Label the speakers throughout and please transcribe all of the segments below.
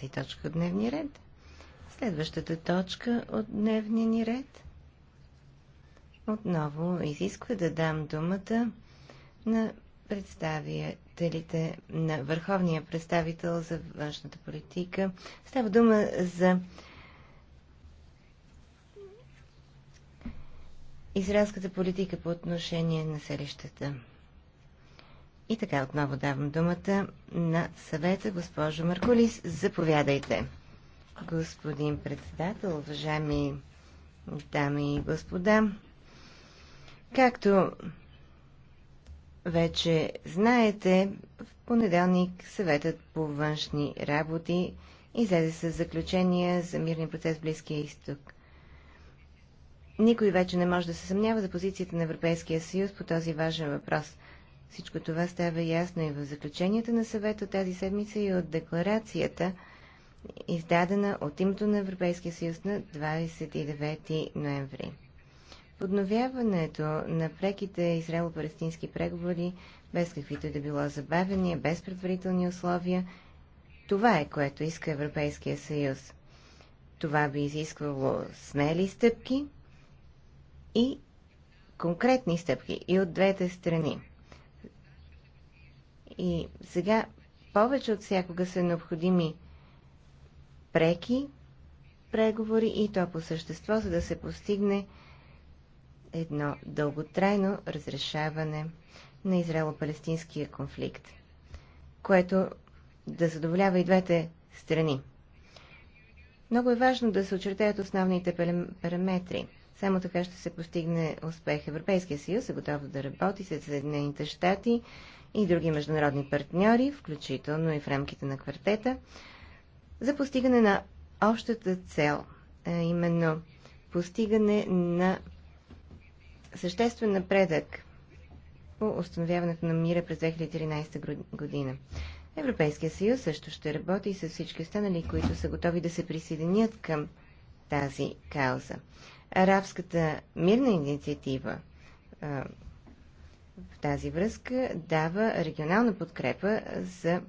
Speaker 1: тази точка от дневния ред. Следващата точка от дневния ни ред отново изисква да дам думата на представителите на Върховния представител за външната политика. Става дума за израелската политика по отношение на селищата. И така отново давам думата на съвета госпожо Маркулис. Заповядайте. Господин председател, уважаеми дами и господа, както вече знаете, в понеделник съветът по външни работи излезе с заключения за мирния процес в Близкия изток. Никой вече не може да се съмнява за позицията на Европейския съюз по този важен въпрос – всичко това става ясно и в заключенията на съвета тази седмица и от декларацията, издадена от името на Европейския съюз на 29 ноември. Подновяването на преките израело-палестински преговори без каквито да било забавения, без предварителни условия, това е което иска Европейския съюз. Това би изисквало смели стъпки и конкретни стъпки и от двете страни. И сега повече от всякога са необходими преки преговори и то по същество, за да се постигне едно дълготрайно разрешаване на израело-палестинския конфликт, което да задоволява и двете страни. Много е важно да се очертаят основните параметри. Само така ще се постигне успех. Европейския съюз е готов да работи с Съединените щати и други международни партньори, включително и в рамките на квартета, за постигане на общата цел, а именно постигане на съществен напредък по установяването на мира през 2013 година. Европейския съюз също ще работи и с всички останали, които са готови да се присъединят към тази кауза. Арабската мирна инициатива, в тази връзка дава регионална подкрепа за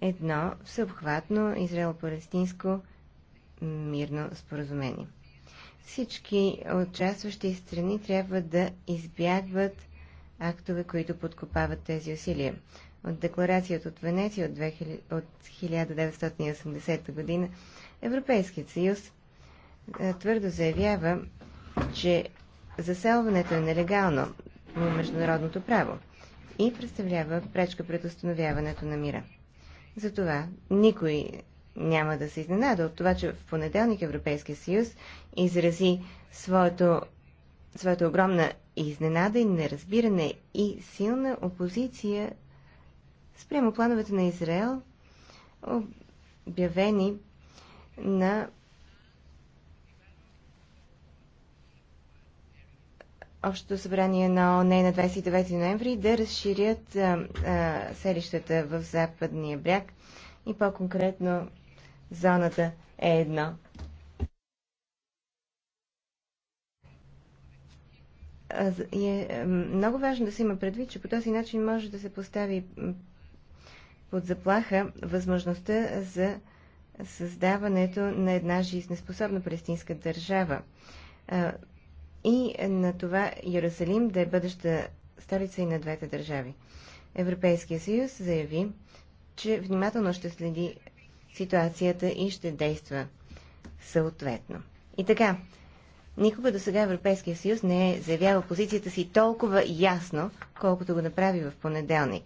Speaker 1: едно всеобхватно израело-палестинско мирно споразумение. Всички участващи страни трябва да избягват актове, които подкопават тези усилия. От декларацията от Венеция от, 2000, от 1980 година Европейският съюз твърдо заявява, че заселването е нелегално, по международното право и представлява пречка пред установяването на мира. Затова никой няма да се изненада от това, че в понеделник Европейския съюз изрази своето, своята огромна изненада и неразбиране и силна опозиция спрямо плановете на Израел, обявени на Общото събрание на ОНЕ на 29 ноември да разширят а, а, селищата в Западния бряг и по-конкретно зоната е едно. Е, е много важно да се има предвид, че по този начин може да се постави под заплаха възможността за създаването на една жизнеспособна палестинска държава и на това Иерусалим да е бъдеща столица и на двете държави. Европейския съюз заяви, че внимателно ще следи ситуацията и ще действа съответно. И така, никога до сега Европейския съюз не е заявявал позицията си толкова ясно, колкото го направи в понеделник.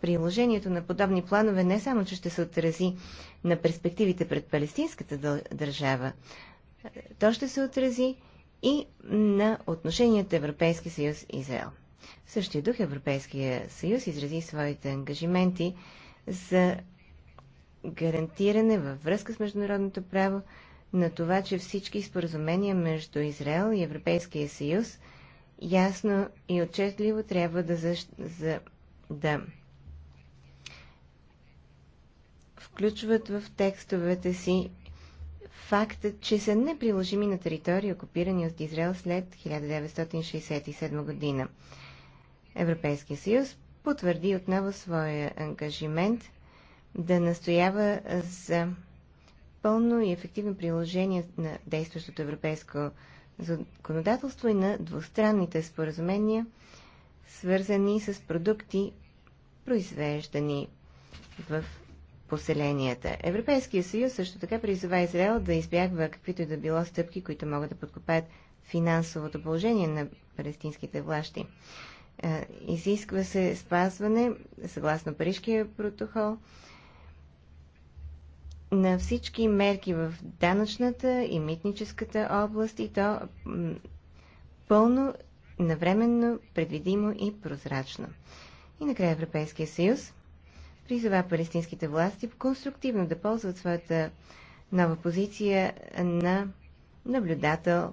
Speaker 1: Приложението на подобни планове не само, че ще се отрази на перспективите пред палестинската държава, то ще се отрази и на отношенията Европейски съюз и Израел. В същия дух Европейския съюз изрази своите ангажименти за гарантиране във връзка с международното право на това, че всички споразумения между Израел и Европейския съюз ясно и отчетливо трябва да, защ... за... да включват в текстовете си фактът, че са неприложими на територии, окупирани от Израел след 1967 година. Европейския съюз потвърди отново своя ангажимент да настоява за пълно и ефективно приложение на действащото европейско законодателство и на двустранните споразумения, свързани с продукти, произвеждани в поселенията. Европейския съюз също така призова Израел да избягва каквито и да било стъпки, които могат да подкопаят финансовото положение на палестинските власти. Е, изисква се спазване, съгласно Парижкия протокол, на всички мерки в данъчната и митническата област и то пълно, навременно, предвидимо и прозрачно. И накрая Европейския съюз призова палестинските власти конструктивно да ползват своята нова позиция на наблюдател,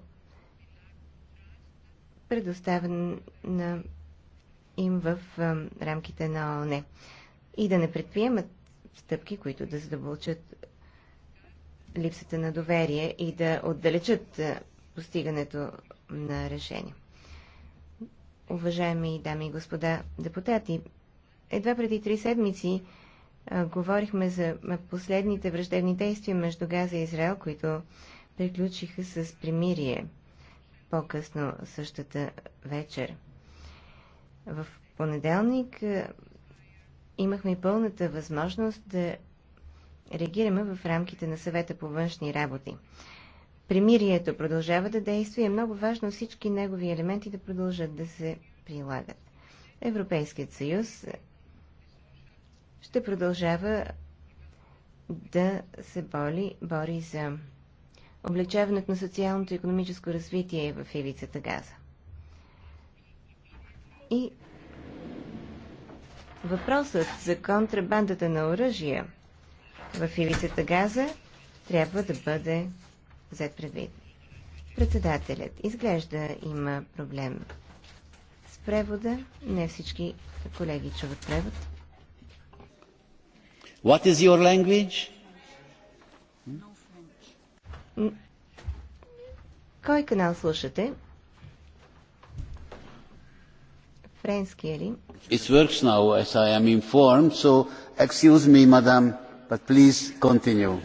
Speaker 1: предоставена им в рамките на ООН и да не предприемат стъпки, които да задълбочат липсата на доверие и да отдалечат постигането на решение. Уважаеми дами и господа депутати, едва преди три седмици а, говорихме за последните враждебни действия между Газа и Израел, които приключиха с примирие по-късно същата вечер. В понеделник а, имахме пълната възможност да реагираме в рамките на съвета по външни работи. Примирието продължава да действа и е много важно всички негови елементи да продължат да се прилагат. Европейският съюз ще продължава да се боли, бори за облегчаването на социалното и економическо развитие в ивицата Газа. И въпросът за контрабандата на оръжия в ивицата Газа трябва да бъде взет предвид. Председателят изглежда има проблем с превода. Не всички колеги чуват превод.
Speaker 2: What is your language?
Speaker 1: Кой канал слушате? Френски е ли?
Speaker 2: It works now, as I am informed, so excuse me, madam, but please continue.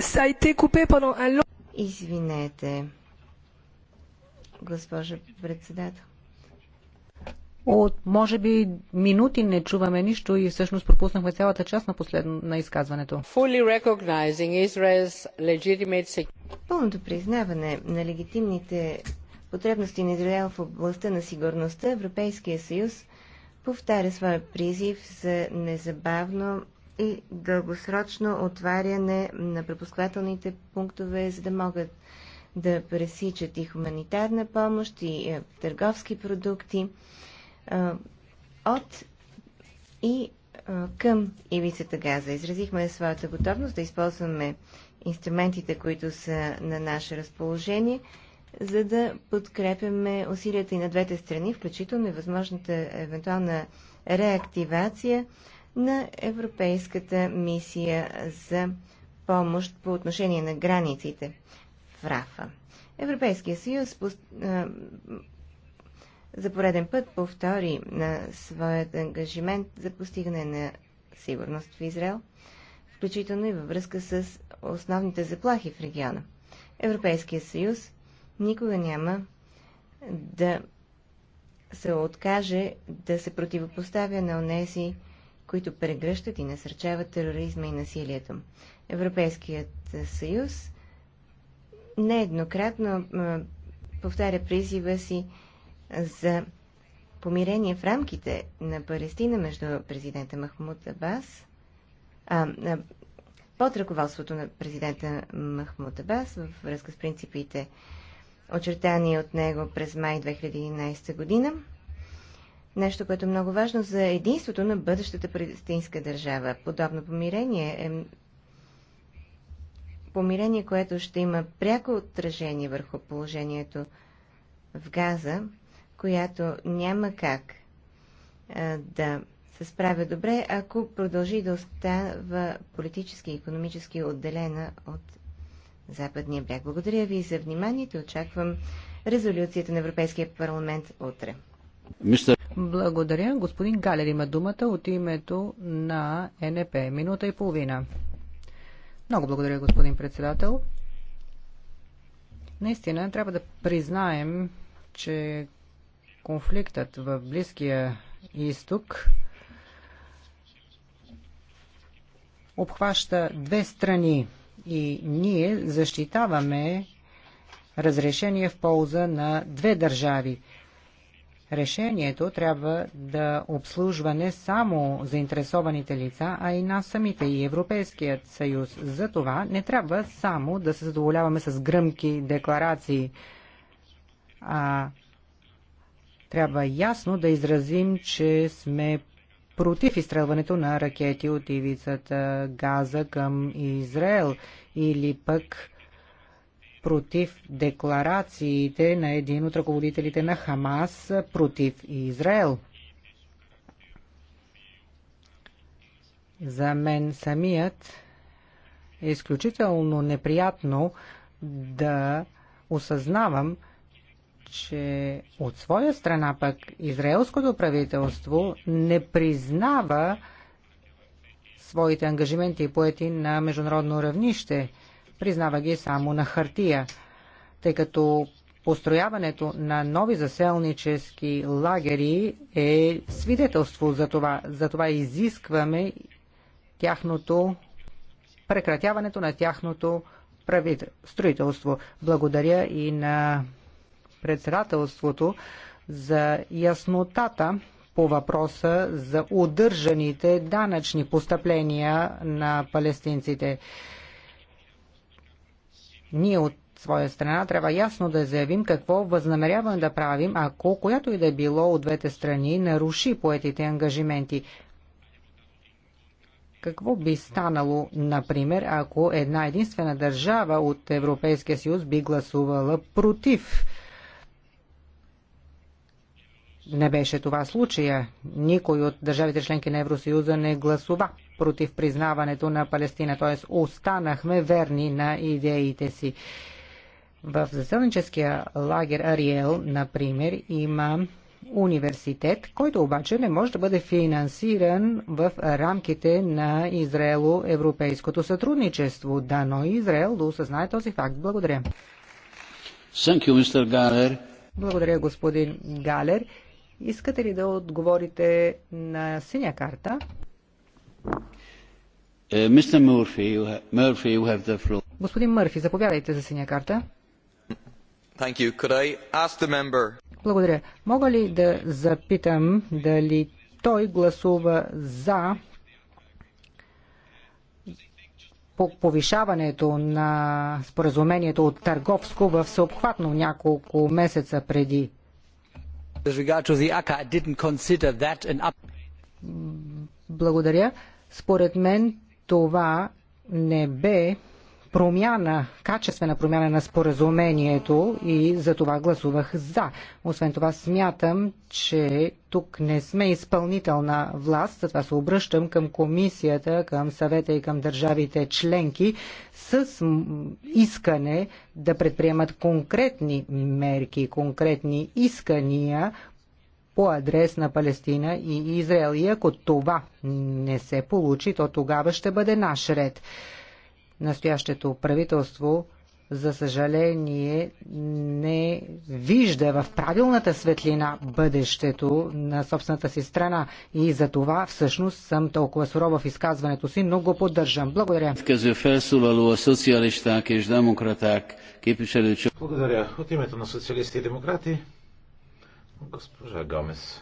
Speaker 1: Ça a été coupé pendant un long... Извинете, госпожа председател. От
Speaker 3: може би минути не чуваме нищо и всъщност пропуснахме цялата част на, последно, на изказването.
Speaker 1: Пълното признаване на легитимните потребности на Израел в областта на сигурността Европейския съюз повтаря своя призив за незабавно и дългосрочно отваряне на пропускателните пунктове, за да могат да пресичат и хуманитарна помощ, и е, търговски продукти от и към ивицата Газа. Изразихме своята готовност да използваме инструментите, които са на наше разположение, за да подкрепяме усилията и на двете страни, включително и възможната евентуална реактивация на Европейската мисия за помощ по отношение на границите в Рафа. Европейския съюз за пореден път повтори на своят ангажимент за постигане на сигурност в Израел, включително и във връзка с основните заплахи в региона. Европейския съюз никога няма да се откаже да се противопоставя на онези, които прегръщат и насърчават тероризма и насилието. Европейският съюз нееднократно повтаря призива си за помирение в рамките на Палестина между президента Махмуд Абас, а, под ръководството на президента Махмуд Абас във връзка с принципите, очертани от него през май 2011 година. Нещо, което е много важно за единството на бъдещата палестинска държава. Подобно помирение е помирение, което ще има пряко отражение върху положението в Газа която няма как а, да се справя добре, ако продължи да остава политически и економически отделена от Западния бряг. Благодаря ви за вниманието. Очаквам резолюцията на Европейския парламент утре.
Speaker 3: Благодаря. Господин Галер има думата от името на НП. Минута и половина. Много благодаря, господин председател. Наистина трябва да признаем, че конфликтът в Близкия изток обхваща две страни и ние защитаваме разрешение в полза на две държави. Решението трябва да обслужва не само заинтересованите лица, а и нас самите и Европейският съюз. За това не трябва само да се задоволяваме с гръмки декларации, а трябва ясно да изразим, че сме против изстрелването на ракети от ивицата Газа към Израел или пък против декларациите на един от ръководителите на Хамас против Израел. За мен самият е изключително неприятно да осъзнавам, че от своя страна пък израелското правителство не признава своите ангажименти и поети на международно равнище. Признава ги само на хартия, тъй като построяването на нови заселнически лагери е свидетелство за това. Затова изискваме тяхното прекратяването на тяхното правит... строителство. Благодаря и на председателството за яснотата по въпроса за удържаните данъчни постъпления на палестинците. Ние от своя страна трябва ясно да заявим какво възнамеряваме да правим, ако която и да е било от двете страни наруши поетите ангажименти. Какво би станало, например, ако една единствена държава от Европейския съюз би гласувала против не беше това случая. Никой от държавите членки на Евросъюза не гласува против признаването на Палестина, т.е. останахме верни на идеите си. В заселническия лагер Ариел, например, има университет, който обаче не може да бъде финансиран в рамките на Израело-европейското сътрудничество. Дано Израел да осъзнае този факт. Благодаря. Благодаря, господин Галер. Искате ли да отговорите на синя карта?
Speaker 2: Uh,
Speaker 3: Господин Мърфи, заповядайте за синя карта. Благодаря. Мога ли да запитам дали той гласува за повишаването на споразумението от търговско в съобхватно няколко месеца преди благодаря. Според мен това не бе промяна, качествена промяна на споразумението и за това гласувах за. Освен това смятам, че тук не сме изпълнителна власт, затова се обръщам към комисията, към съвета и към държавите членки с искане да предприемат конкретни мерки, конкретни искания по адрес на Палестина и Израел. И ако това не се получи, то тогава ще бъде наш ред настоящето правителство, за съжаление, не вижда в правилната светлина бъдещето на собствената си страна. И за това всъщност съм толкова сурова в изказването си, но го поддържам. Благодаря.
Speaker 4: Благодаря. От името на социалисти и демократи, госпожа Гомес.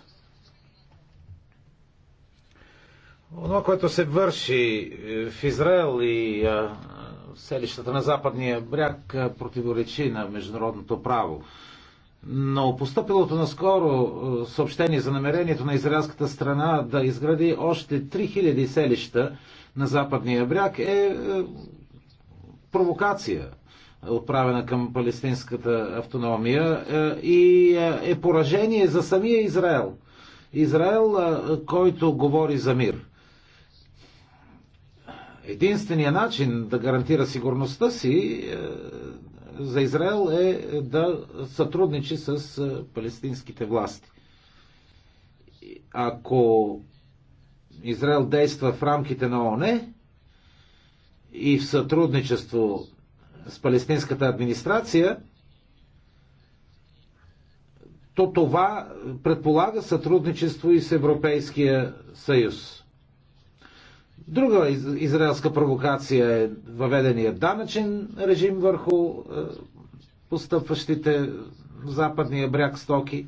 Speaker 4: Онова, което се върши е, в Израел и е, в селищата на западния бряг е, противоречи на международното право. Но поступилото наскоро съобщение за намерението на израелската страна да изгради още 3000 селища на западния бряг е провокация, отправена към палестинската автономия и е поражение за самия Израел. Израел, който говори за мир. Единствения начин да гарантира сигурността си е, за Израел е да сътрудничи с е, палестинските власти. Ако Израел действа в рамките на ОНЕ и в сътрудничество с палестинската администрация, то това предполага сътрудничество и с Европейския съюз. Друга израелска провокация е въведения данъчен режим върху е, постъпващите в западния бряг стоки.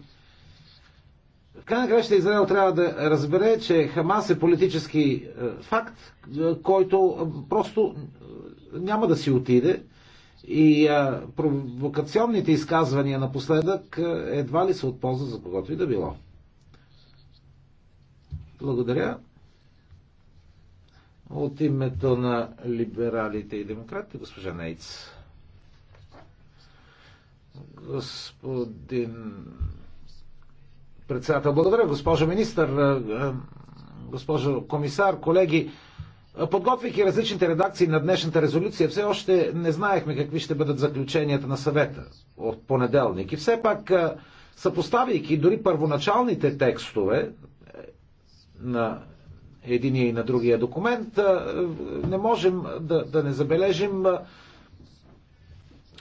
Speaker 4: В крайна краща Израел трябва да разбере, че Хамас е политически е, факт, е, който просто няма да си отиде. И а, провокационните изказвания напоследък едва ли са от полза за когото и да било. Благодаря. От името на либералите и демократите, госпожа Нейц. Господин председател, благодаря, госпожо министър, е, е, госпожо комисар, колеги. Подготвяйки различните редакции на днешната резолюция, все още не знаехме какви ще бъдат заключенията на съвета от понеделник. И все пак, е, съпоставяйки дори първоначалните текстове на единия и на другия документ, не можем да, да не забележим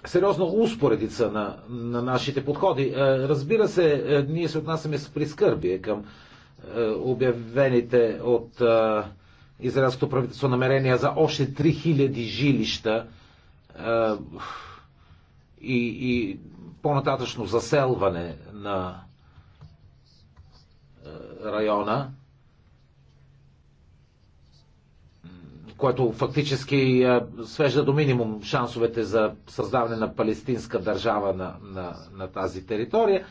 Speaker 4: сериозна успоредица на, на нашите подходи. Разбира се, ние се отнасяме с прискърбие към обявените от израелското правителство намерения за още 3000 жилища и, и по-нататъчно заселване на района. което фактически е, свежда до минимум шансовете за създаване на палестинска държава на, на, на тази територия.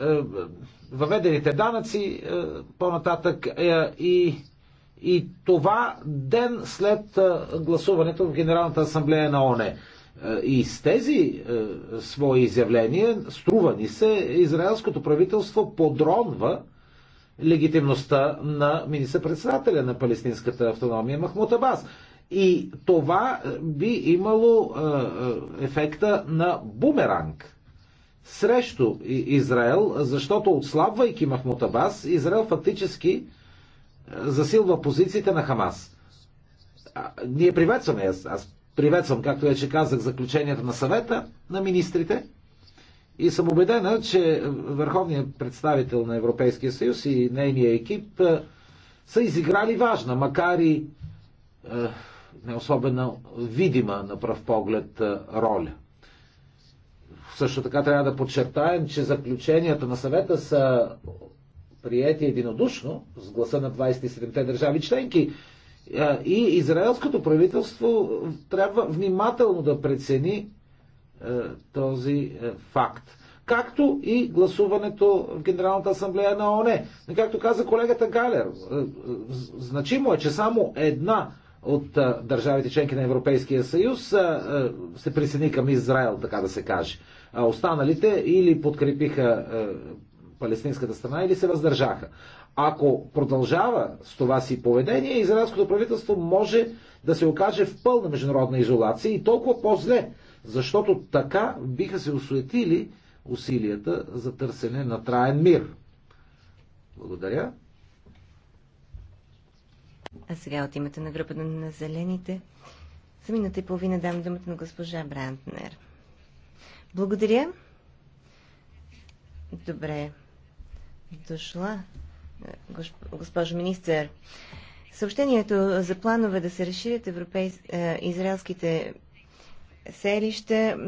Speaker 4: Е, въведените данъци е, по-нататък и, и това ден след гласуването в Генералната асамблея на ОНЕ. И с тези свои изявления, струва ни се, израелското правителство подронва легитимността на министър-председателя на палестинската автономия Махмут Абас. И това е, би имало е, е, ефекта на бумеранг срещу Израел, защото отслабвайки Махмут Абас, Израел фактически засилва позициите на Хамас. ние приветстваме, аз, аз приветствам, както вече казах, заключенията на съвета на министрите, и съм убедена, че върховният представител на Европейския съюз и нейния екип са изиграли важна, макар и не особено видима на пръв поглед роля. Също така трябва да подчертаем, че заключенията на съвета са приети единодушно с гласа на 27-те държави членки. И израелското правителство трябва внимателно да прецени е, този е, факт. Както и гласуването в Генералната асамблея на ОНЕ. Както каза колегата Галер, е, значимо е, че само една от държавите членки на Европейския съюз се присъедини към Израел, така да се каже. А останалите или подкрепиха палестинската страна, или се въздържаха. Ако продължава с това си поведение, израелското правителство може да се окаже в пълна международна изолация и толкова по-зле, защото така биха се осуетили усилията за търсене на траен мир. Благодаря.
Speaker 1: А сега от името на групата на зелените, за минута и половина дам думата на госпожа Брантнер. Благодаря. Добре. Дошла, госпожо министър. Съобщението за планове да се разширят европейс... Е, израелските селища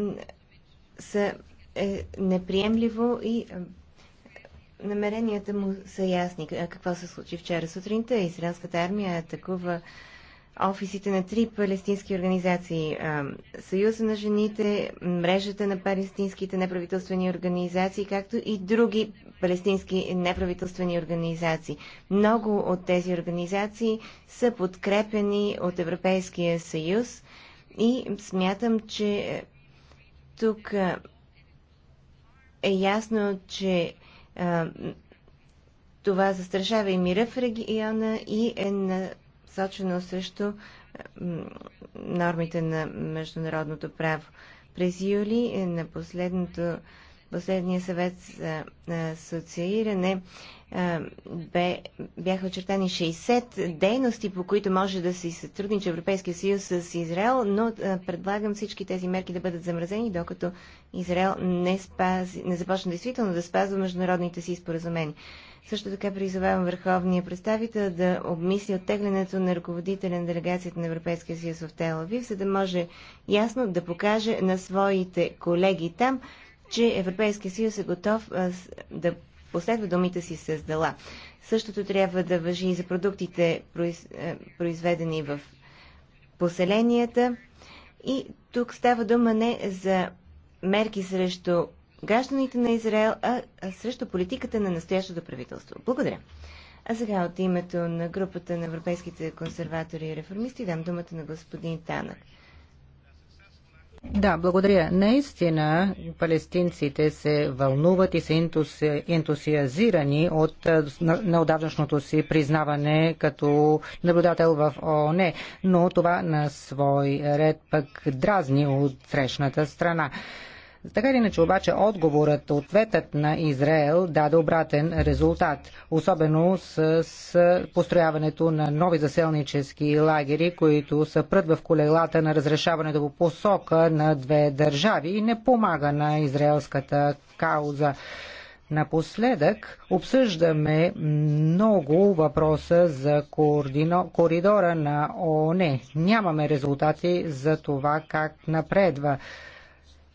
Speaker 1: са е, неприемливо и намеренията му са ясни. какво се случи вчера сутринта? Израелската армия атакува офисите на три палестински организации. Съюза на жените, мрежата на палестинските неправителствени организации, както и други палестински неправителствени организации. Много от тези организации са подкрепени от Европейския съюз и смятам, че е, тук е, е ясно, че а, е, това застрашава и мира в региона и е насочено срещу а, нормите на международното право. През юли на последното последния съвет за асоцииране бе, бяха очертани 60 дейности, по които може да се сътрудничи Европейския съюз с Израел, но предлагам всички тези мерки да бъдат замразени, докато Израел не, спази, не започне действително да спазва международните си споразумения. Също така призовавам върховния представител да обмисли оттеглянето на ръководителя на делегацията на Европейския съюз в Телавив, за да може ясно да покаже на своите колеги там, че Европейския съюз е готов да последва думите си с дела. Същото трябва да въжи и за продуктите, произведени в поселенията. И тук става дума не за мерки срещу гражданите на Израел, а срещу политиката на настоящото правителство. Благодаря. А сега от името на групата на европейските консерватори и реформисти дам думата на господин Танък.
Speaker 3: Да, благодаря. Наистина палестинците се вълнуват и са ентусиазирани от неодавнашното си признаване като наблюдател в ООН, но това на свой ред пък дразни от срещната страна. Така или иначе обаче отговорът, ответът на Израел даде обратен резултат, особено с, с построяването на нови заселнически лагери, които са пръд в колелата на разрешаването по посока на две държави и не помага на израелската кауза. Напоследък обсъждаме много въпроса за координо, коридора на ООН. Нямаме резултати за това как напредва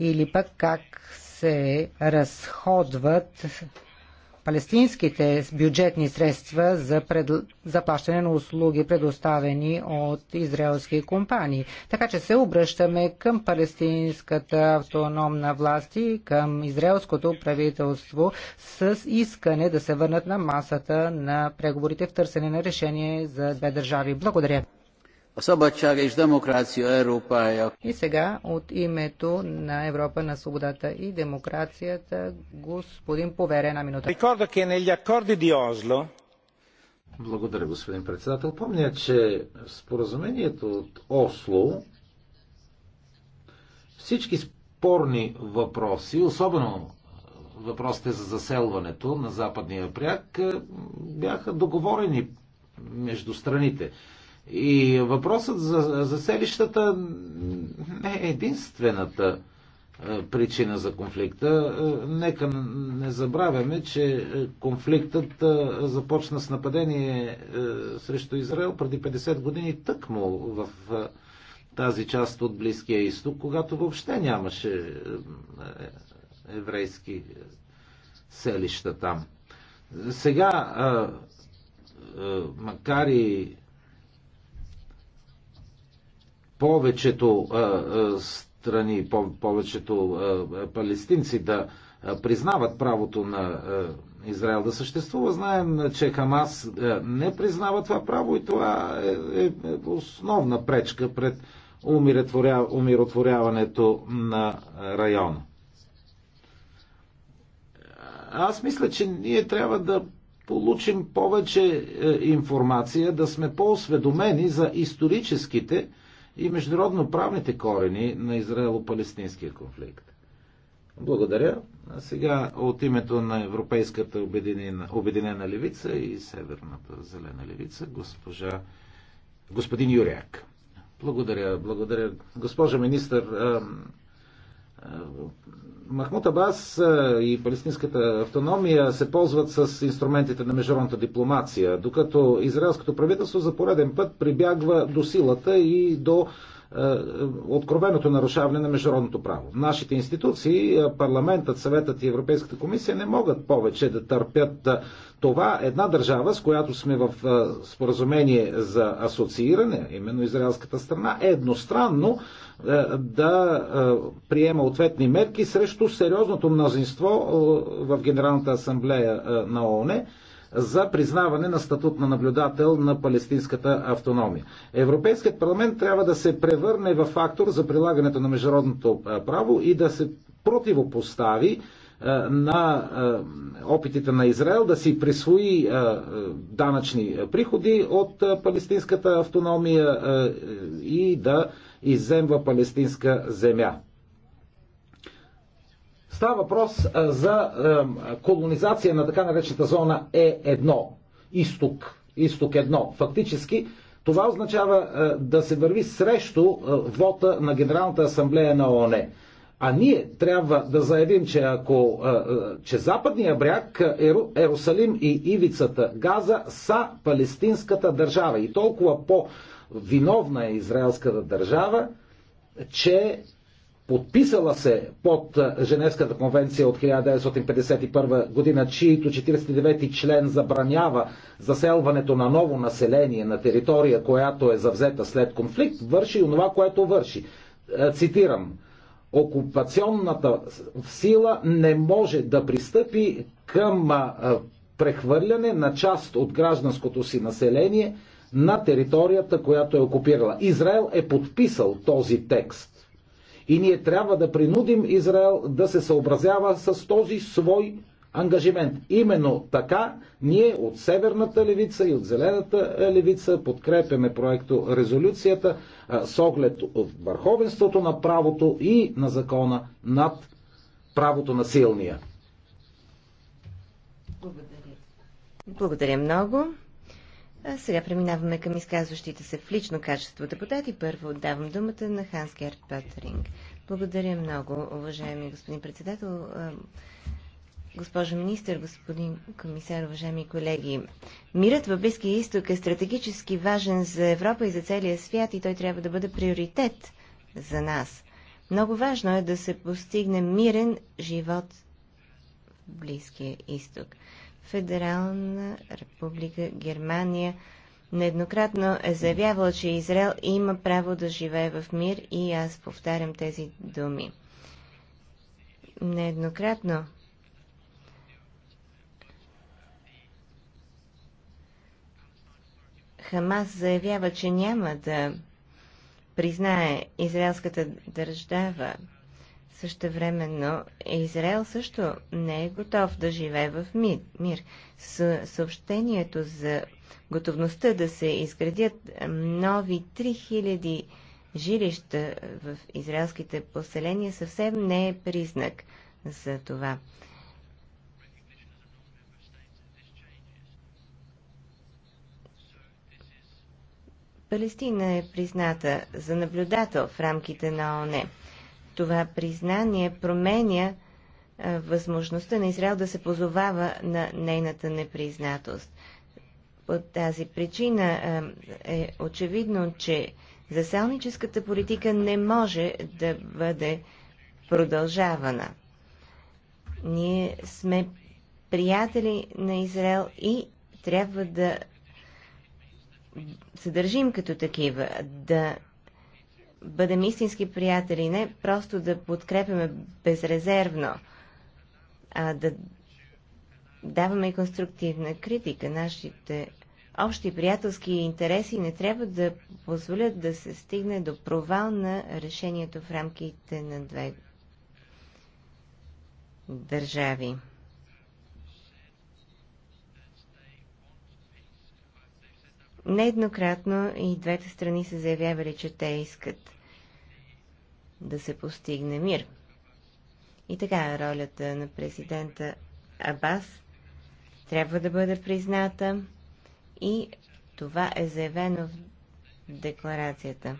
Speaker 3: или пък как се разходват палестинските бюджетни средства за пред... заплащане на услуги, предоставени от израелски компании. Така че се обръщаме към палестинската автономна власт и към израелското правителство с искане да се върнат на масата на преговорите в търсене на решение за две държави. Благодаря. И сега от името на Европа на свободата и демокрацията, господин Повере, една минута.
Speaker 4: Благодаря, господин председател. Помня, че споразумението от Осло всички спорни въпроси, особено въпросите за заселването на западния бряг, бяха договорени между страните. И въпросът за, за селищата не е единствената е, причина за конфликта. Е, нека не забравяме, че е, конфликтът започна с нападение срещу Израел преди 50 години тъкмо в тази част от Близкия изток, когато въобще нямаше еврейски селища там. Сега, макар и повечето страни, повечето палестинци да признават правото на Израел да съществува. Знаем, че Хамас не признава това право и това е, е, е основна пречка пред умиротворяването на района. Аз мисля, че ние трябва да получим повече е, информация, да сме по-осведомени за историческите и международно-правните корени на израело-палестинския конфликт. Благодаря. А сега от името на Европейската обединена, обединена левица и Северната зелена левица, госпожа, господин Юряк. Благодаря, благодаря. Госпожа министър, Махмут Абас и палестинската автономия се ползват с инструментите на международната дипломация, докато израелското правителство за пореден път прибягва до силата и до откровеното нарушаване на международното право. Нашите институции, парламентът, съветът и Европейската комисия не могат повече да търпят това една държава, с която сме в споразумение за асоцииране, именно израелската страна, е едностранно е, да е, приема ответни мерки срещу сериозното мнозинство е, в Генералната асамблея на ООН за признаване на статут на наблюдател на палестинската автономия. Европейският парламент трябва да се превърне в фактор за прилагането на международното право и да се противопостави на опитите на Израел да си присвои данъчни приходи от палестинската автономия и да иземва палестинска земя. Става въпрос за колонизация на така наречената зона Е1, изток, изток 1. Фактически това означава да се върви срещу вота на Генералната асамблея на ООН. А ние трябва да заявим, че ако че западния бряг, Ерусалим и ивицата Газа са палестинската държава и толкова по виновна е израелската държава, че подписала се под Женевската конвенция от 1951 година, чието 49-ти член забранява заселването на ново население на територия, която е завзета след конфликт, върши онова, което върши. Цитирам. Окупационната сила не може да пристъпи към прехвърляне на част от гражданското си население – на територията, която е окупирала. Израел е подписал този текст. И ние трябва да принудим Израел да се съобразява с този свой ангажимент. Именно така ние от Северната левица и от Зелената левица подкрепяме проекто резолюцията с оглед върховенството на правото и на закона над правото на силния.
Speaker 1: Благодаря. Благодаря много. А сега преминаваме към изказващите се в лично качество депутати. Първо отдавам думата на Ханс Герт Петеринг. Благодаря много, уважаеми господин председател. Госпожо министър, господин комисар, уважаеми колеги, мирът в Близкия изток е стратегически важен за Европа и за целия свят и той трябва да бъде приоритет за нас. Много важно е да се постигне мирен живот в Близкия изток. Федерална република Германия нееднократно е заявявала, че Израел има право да живее в мир и аз повтарям тези думи. Нееднократно Хамас заявява, че няма да признае израелската държава Същевременно Израел също не е готов да живее в мир. С съобщението за готовността да се изградят нови 3000 жилища в израелските поселения съвсем не е признак за това. Палестина е призната за наблюдател в рамките на ОНЕ това признание променя а, възможността на Израел да се позовава на нейната непризнатост. По тази причина а, е очевидно, че засалническата политика не може да бъде продължавана. Ние сме приятели на Израел и трябва да се държим като такива, да бъдем истински приятели, не просто да подкрепяме безрезервно, а да даваме и конструктивна критика. Нашите общи приятелски интереси не трябва да позволят да се стигне до провал на решението в рамките на две държави. Нееднократно и двете страни са заявявали, че те искат да се постигне мир. И така ролята на президента Абас трябва да бъде призната и това е заявено в декларацията.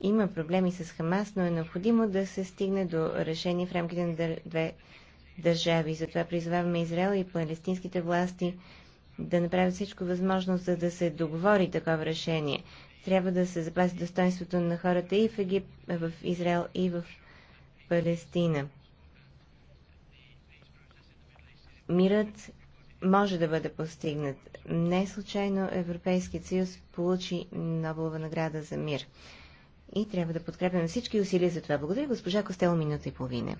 Speaker 1: Има проблеми с Хамас, но е необходимо да се стигне до решение в рамките на две държави. Затова призваваме Израел и палестинските власти да направят всичко възможно, за да се договори такова решение. Трябва да се запази достоинството на хората и в Египет, в Израел, и в Палестина. Мирът може да бъде постигнат. Не случайно Европейският съюз получи Нобелова награда за мир. И трябва да подкрепим всички усилия за това. Благодаря, госпожа Костел, минута и половина.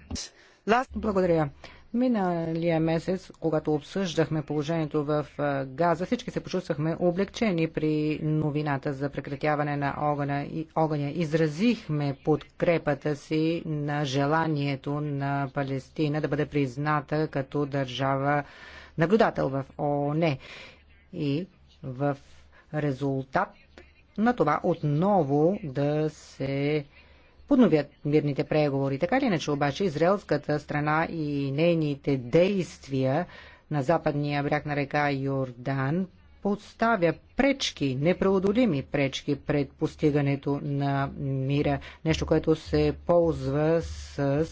Speaker 1: Благодаря. Миналия месец,
Speaker 3: когато обсъждахме положението в Газа, всички се почувствахме облегчени при новината за прекратяване на огъня и огъня. Изразихме подкрепата си на желанието на Палестина да бъде призната като държава наблюдател в ООН. И в резултат на това отново да се подновят мирните преговори. Така ли иначе обаче израелската страна и нейните действия на западния бряг на река Йордан поставя пречки, непреодолими пречки пред постигането на мира. Нещо, което се ползва с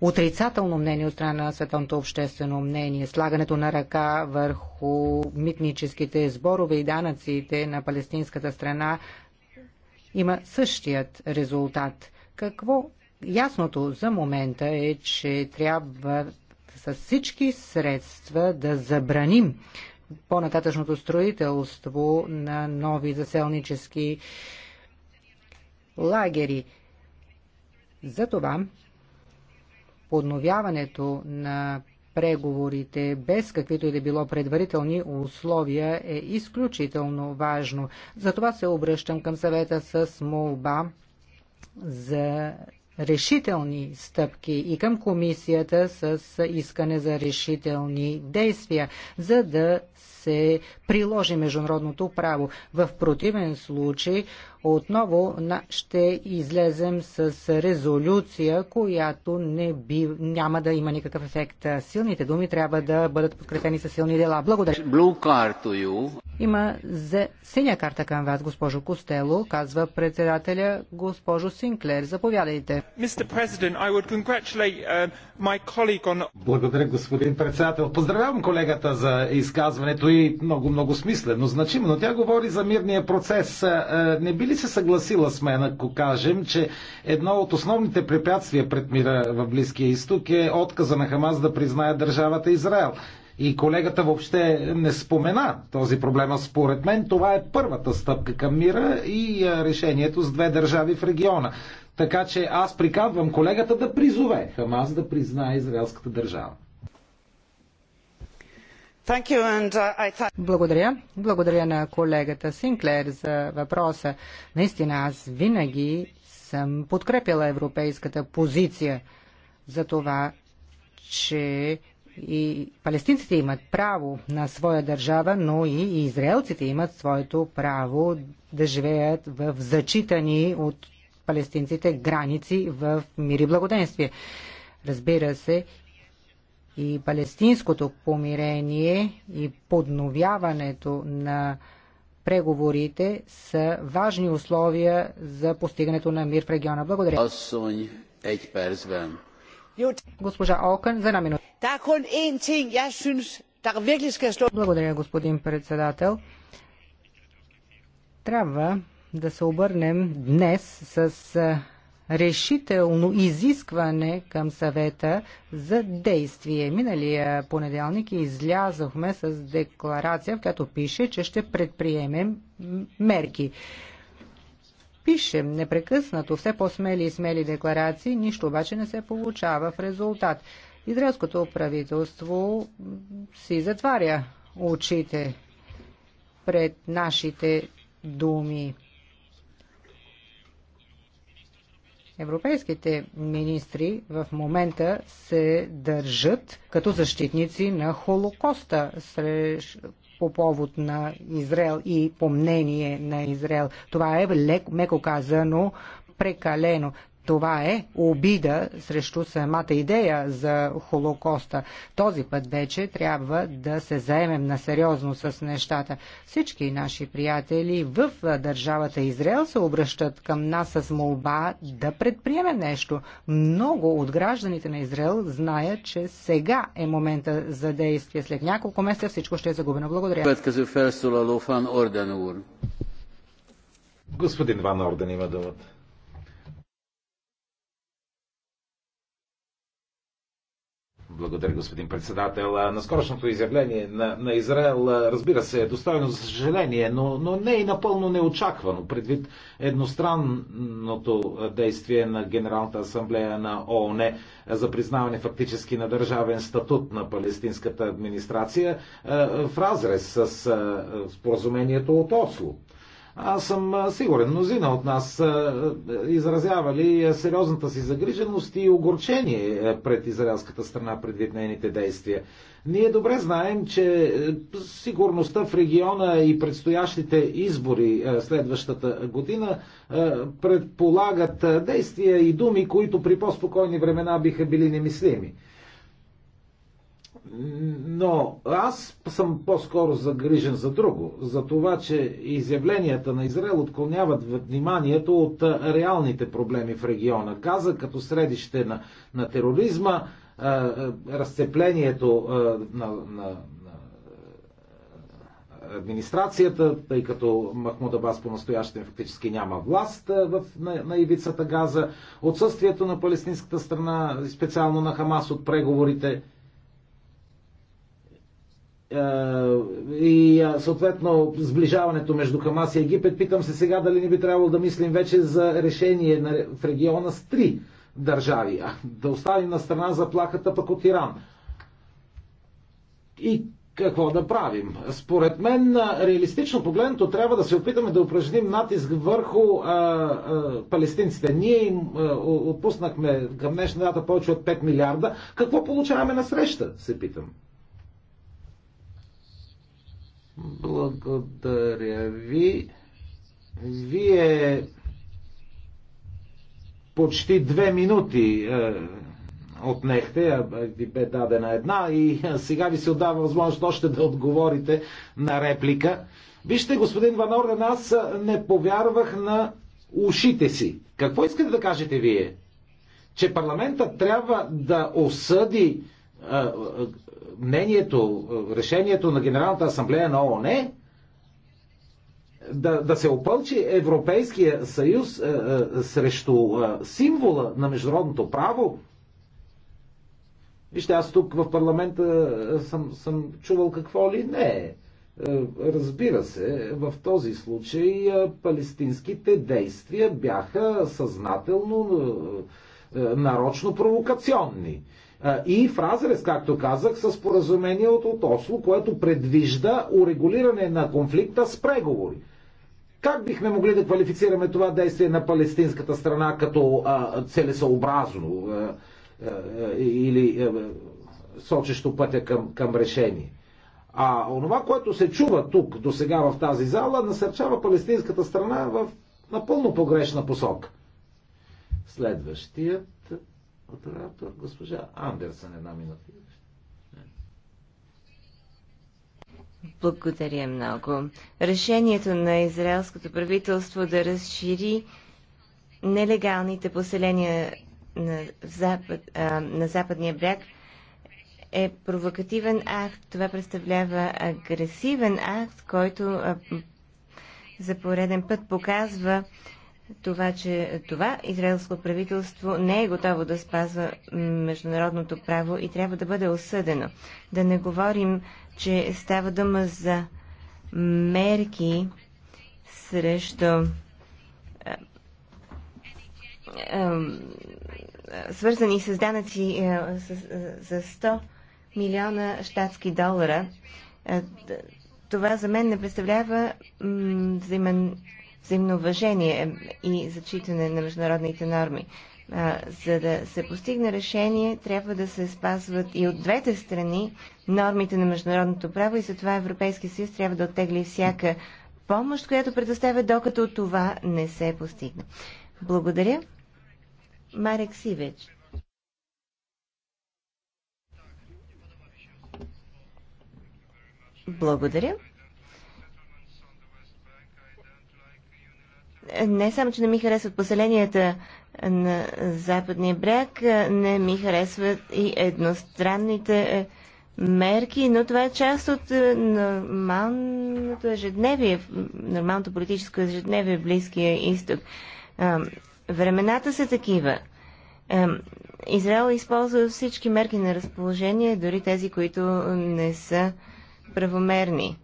Speaker 3: отрицателно мнение от страна на световното обществено мнение. Слагането на ръка върху митническите сборове и данъците на палестинската страна има същият резултат. Какво ясното за момента е, че трябва с всички средства да забраним по-нататъчното строителство на нови заселнически лагери. Затова подновяването на преговорите без каквито и да било предварителни условия е изключително важно. Затова се обръщам към съвета с молба за решителни стъпки и към комисията с искане за решителни действия, за да се приложи международното право. В противен случай отново ще излезем с резолюция, която не би, няма да има никакъв ефект. Силните думи трябва да бъдат подкрепени с силни дела. Благодаря. Има за синя карта към вас, госпожо Костело, казва председателя госпожо Синклер. Заповядайте.
Speaker 4: Uh, Благодаря, господин председател. Поздравявам колегата за изказването и много, много смислено, значимо, но тя говори за мирния процес. Е, е, не би ли се съгласила с мен, ако кажем, че едно от основните препятствия пред мира в Близкия изток е отказа на Хамас да признае държавата Израел? И колегата въобще не спомена този проблем. Според мен това е първата стъпка към мира и решението с две държави в региона. Така че аз приказвам колегата да призове Хамас да признае израелската държава.
Speaker 3: Uh, Благодаря. Благодаря на колегата Синклер за въпроса. Наистина, аз винаги съм подкрепила европейската позиция за това, че и палестинците имат право на своя държава, но и израелците имат своето право да живеят в зачитани от палестинците граници в мир и благоденствие. Разбира се, и палестинското помирение и подновяването на преговорите са важни условия за постигането на мир в региона. Благодаря. Госпожа er Благодаря, господин председател. Трябва да се обърнем днес с решително изискване към съвета за действие. Миналия понеделник излязохме с декларация, в която пише, че ще предприемем мерки пишем непрекъснато все по-смели и смели декларации, нищо обаче не се получава в резултат. Израелското правителство си затваря очите пред нашите думи. Европейските министри в момента се държат като защитници на Холокоста, по повод на Израел и по мнение на Израел. Това е леко, меко казано прекалено. Това е обида срещу самата идея за Холокоста. Този път вече трябва да се заемем на сериозно с нещата. Всички наши приятели в държавата Израел се обръщат към нас с молба да предприеме нещо. Много от гражданите на Израел знаят, че сега е момента за действие. След няколко месеца всичко ще е загубено. Благодаря.
Speaker 4: Господин Ван Орден има думата. Благодаря, господин председател. Наскорошното изявление на, на Израел, разбира се, е достойно за съжаление, но, но не и напълно неочаквано, предвид едностранното действие на Генералната асамблея на ООН за признаване фактически на държавен статут на палестинската администрация в разрез с споразумението от Осло. Аз съм сигурен, мнозина от нас изразявали сериозната си загриженост и огорчение е, пред израелската страна, предвид нейните действия. Ние добре знаем, че е, сигурността в региона и предстоящите избори е, следващата година предполагат действия и думи, които при по-спокойни времена биха били немислими но аз съм по-скоро загрижен за друго. За това, че изявленията на Израел отклоняват вниманието от реалните проблеми в региона. Газа като средище на, на тероризма, разцеплението на, на, администрацията, тъй като Махмуд Абас по-настоящен фактически няма власт в, на, на ивицата Газа, отсъствието на палестинската страна, специално на Хамас от преговорите – е, и съответно сближаването между Хамас и Египет, питам се сега дали не би трябвало да мислим вече за решение в региона с три държави, да оставим на страна заплахата пък от Иран. И какво да правим? Според мен, реалистично погледнато, трябва да се опитаме да упражним натиск върху а, а, палестинците. Ние им а, отпуснахме към днешна дата повече от 5 милиарда. Какво получаваме на среща, се питам. Благодаря ви. Вие почти две минути е, отнехте, а ви бе дадена една и сега ви се отдава възможност още да отговорите на реплика. Вижте, господин Ван Орден, аз не повярвах на ушите си. Какво искате да кажете вие? Че парламентът трябва да осъди мнението, решението на Генералната асамблея на ООН да, да се опълчи Европейския съюз е, е, срещу е, символа на международното право. Вижте, аз тук в парламента е, съм, съм чувал какво ли не. Е, е разбира се, в този случай е, палестинските действия бяха съзнателно, нарочно провокационни и в разрез, както казах, с поразумението от Осло, което предвижда урегулиране на конфликта с преговори. Как бихме могли да квалифицираме това действие на палестинската страна като а, целесообразно а, а, или а, сочещо пътя към, към решение? А онова, което се чува тук, до сега в тази зала, насърчава палестинската страна в напълно погрешна посока. Следващият
Speaker 1: Оператор госпожа Андерсън една минута. Благодаря много. Решението на израелското правителство да разшири нелегалните поселения на, запад, а, на западния бряг е провокативен акт. Това представлява агресивен акт, който а, за пореден път показва това, че това израелско правителство не е готово да спазва международното право и трябва да бъде осъдено. Да не говорим, че става дума за мерки срещу свързани с данъци за 100 милиона щатски долара. Това за мен не представлява взаимен взаимно уважение и зачитане на международните норми. А, за да се постигне решение, трябва да се спазват и от двете страни нормите на международното право и затова Европейския съюз трябва да оттегли всяка помощ, която предоставя, докато това не се постигне. Благодаря. Марек Сивеч. Благодаря. не само, че не ми харесват поселенията на Западния бряг, не ми харесват и едностранните е, мерки, но това е част от е, нормалното ежедневие, нормалното политическо ежедневие в Близкия изток. Времената са такива. Е, Израел използва всички мерки на разположение, дори тези, които не са правомерни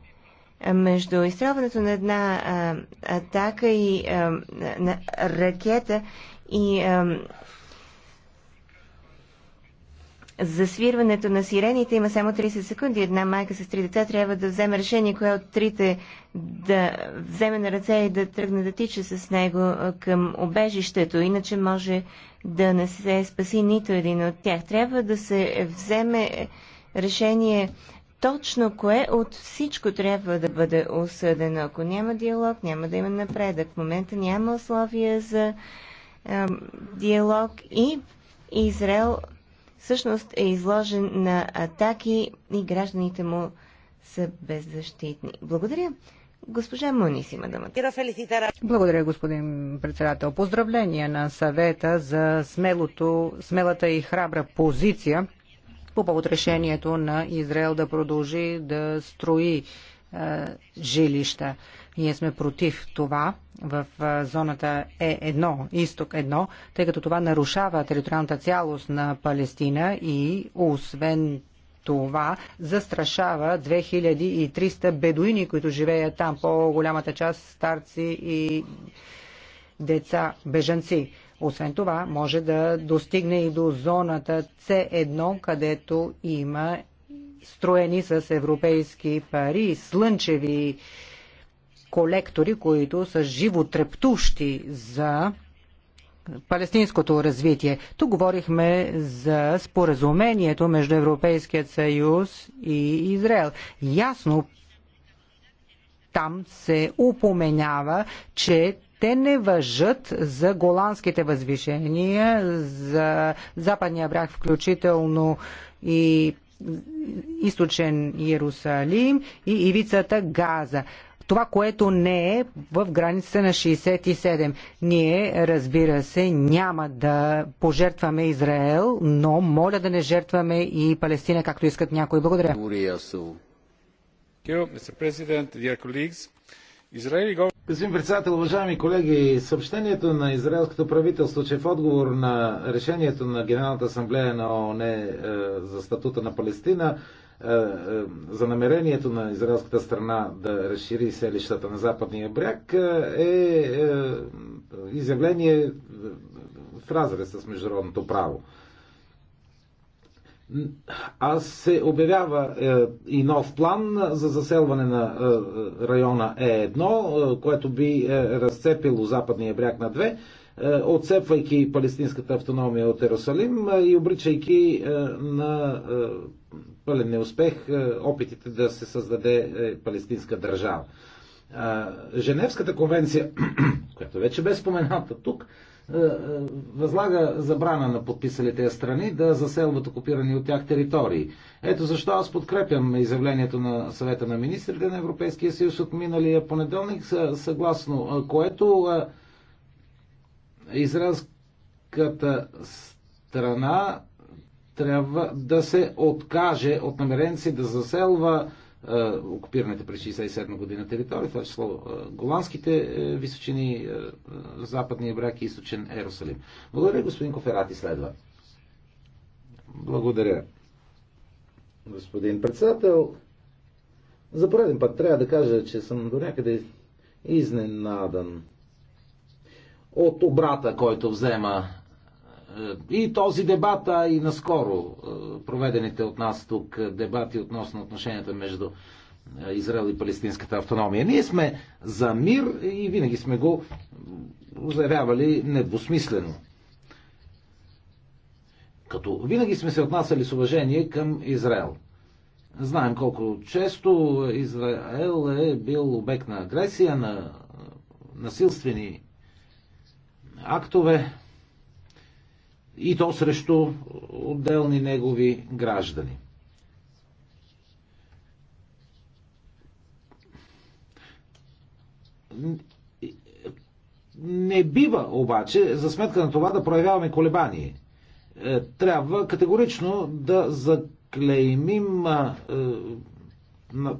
Speaker 1: между изстрелването на една а, атака и а, на ракета и а, засвирването на сирените има само 30 секунди. Една майка с три деца трябва да вземе решение, кое от трите да вземе на ръце и да тръгне да тича с него към обежището. Иначе може да не се спаси нито един от тях. Трябва да се вземе решение точно кое от всичко трябва да бъде осъдено. Ако няма диалог, няма да има напредък. В момента няма условия за а, диалог и Израел всъщност е изложен на атаки и гражданите му са беззащитни. Благодаря. Госпожа Мунис има думата.
Speaker 3: Благодаря, господин председател. Поздравления на съвета за смелото, смелата и храбра позиция, по повод решението на Израел да продължи да строи е, жилища. Ние сме против това в е, зоната Е1, изток 1, тъй като това нарушава териториалната цялост на Палестина и освен това застрашава 2300 бедуини, които живеят там, по-голямата част старци и деца, бежанци. Освен това, може да достигне и до зоната C1, където има строени с европейски пари, слънчеви колектори, които са животрептущи за палестинското развитие. Тук говорихме за споразумението между Европейският съюз и Израел. Ясно там се упоменява, че те не въжат за голандските възвишения, за западния бряг включително и източен Иерусалим и ивицата Газа. Това, което не е в границата на 67. Ние, разбира се, няма да пожертваме Израел, но моля да не жертваме и Палестина, както искат някои. Благодаря.
Speaker 4: Господин председател, уважаеми колеги, съобщението на израелското правителство, че в отговор на решението на Генералната асамблея на ООН е, за статута на Палестина, е, е, за намерението на израелската страна да разшири селищата на западния бряг е изявление в разрез с международното право. Аз се обявява е, и нов план за заселване на е, района Е1, е, което би разцепило западния бряг на две, отцепвайки палестинската автономия от Ерусалим и обричайки на пълен неуспех опитите да се създаде палестинска държава. Женевската конвенция, която вече бе спомената тук, е, е, възлага забрана на подписалите страни да заселват окупирани от тях територии. Ето защо аз подкрепям изявлението на съвета на министрите на Европейския съюз от миналия понеделник, съгласно е, което израелската страна трябва да се откаже от намеренци да заселва е, окупираните през 67 година територии, това число е, голандските е, височини, западния бряг и източен Ерусалим. Благодаря, господин Коферати, следва. Благодаря, господин председател. За пореден път трябва да кажа, че съм до някъде изненадан от обрата, който взема е, и този дебат, а и наскоро е, проведените от нас тук дебати относно отношенията между е, Израел и палестинската автономия. Ние сме за мир и винаги сме го заявявали недвусмислено. Като винаги сме се отнасяли с уважение към Израел. Знаем колко често Израел е бил обект на агресия, на насилствени актове и то срещу отделни негови граждани. Не бива обаче, за сметка на това, да проявяваме колебание. Е, трябва категорично да заклеймим е,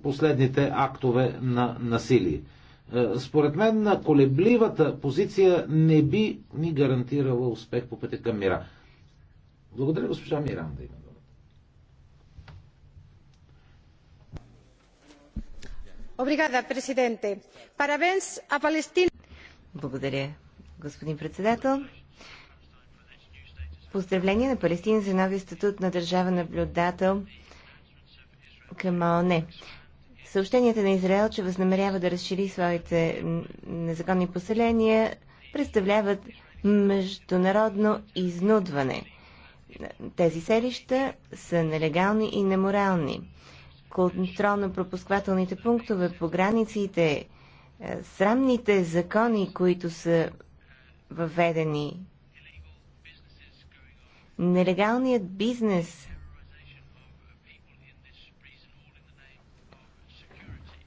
Speaker 4: последните актове на насилие. Е, според мен на колебливата позиция не би ни гарантирала успех по пътя към мира. Благодаря, госпожа Миранда. Има
Speaker 1: Обригада, президенте. Парабенс а Палестина. Благодаря, господин председател. Поздравление на Палестина за новия статут на държава наблюдател към ООН. Съобщенията на Израел, че възнамерява да разшири своите незаконни поселения, представляват международно изнудване. Тези селища са нелегални и неморални. Контролно-пропусквателните пунктове по границите, е, срамните закони, които са въведени, нелегалният бизнес,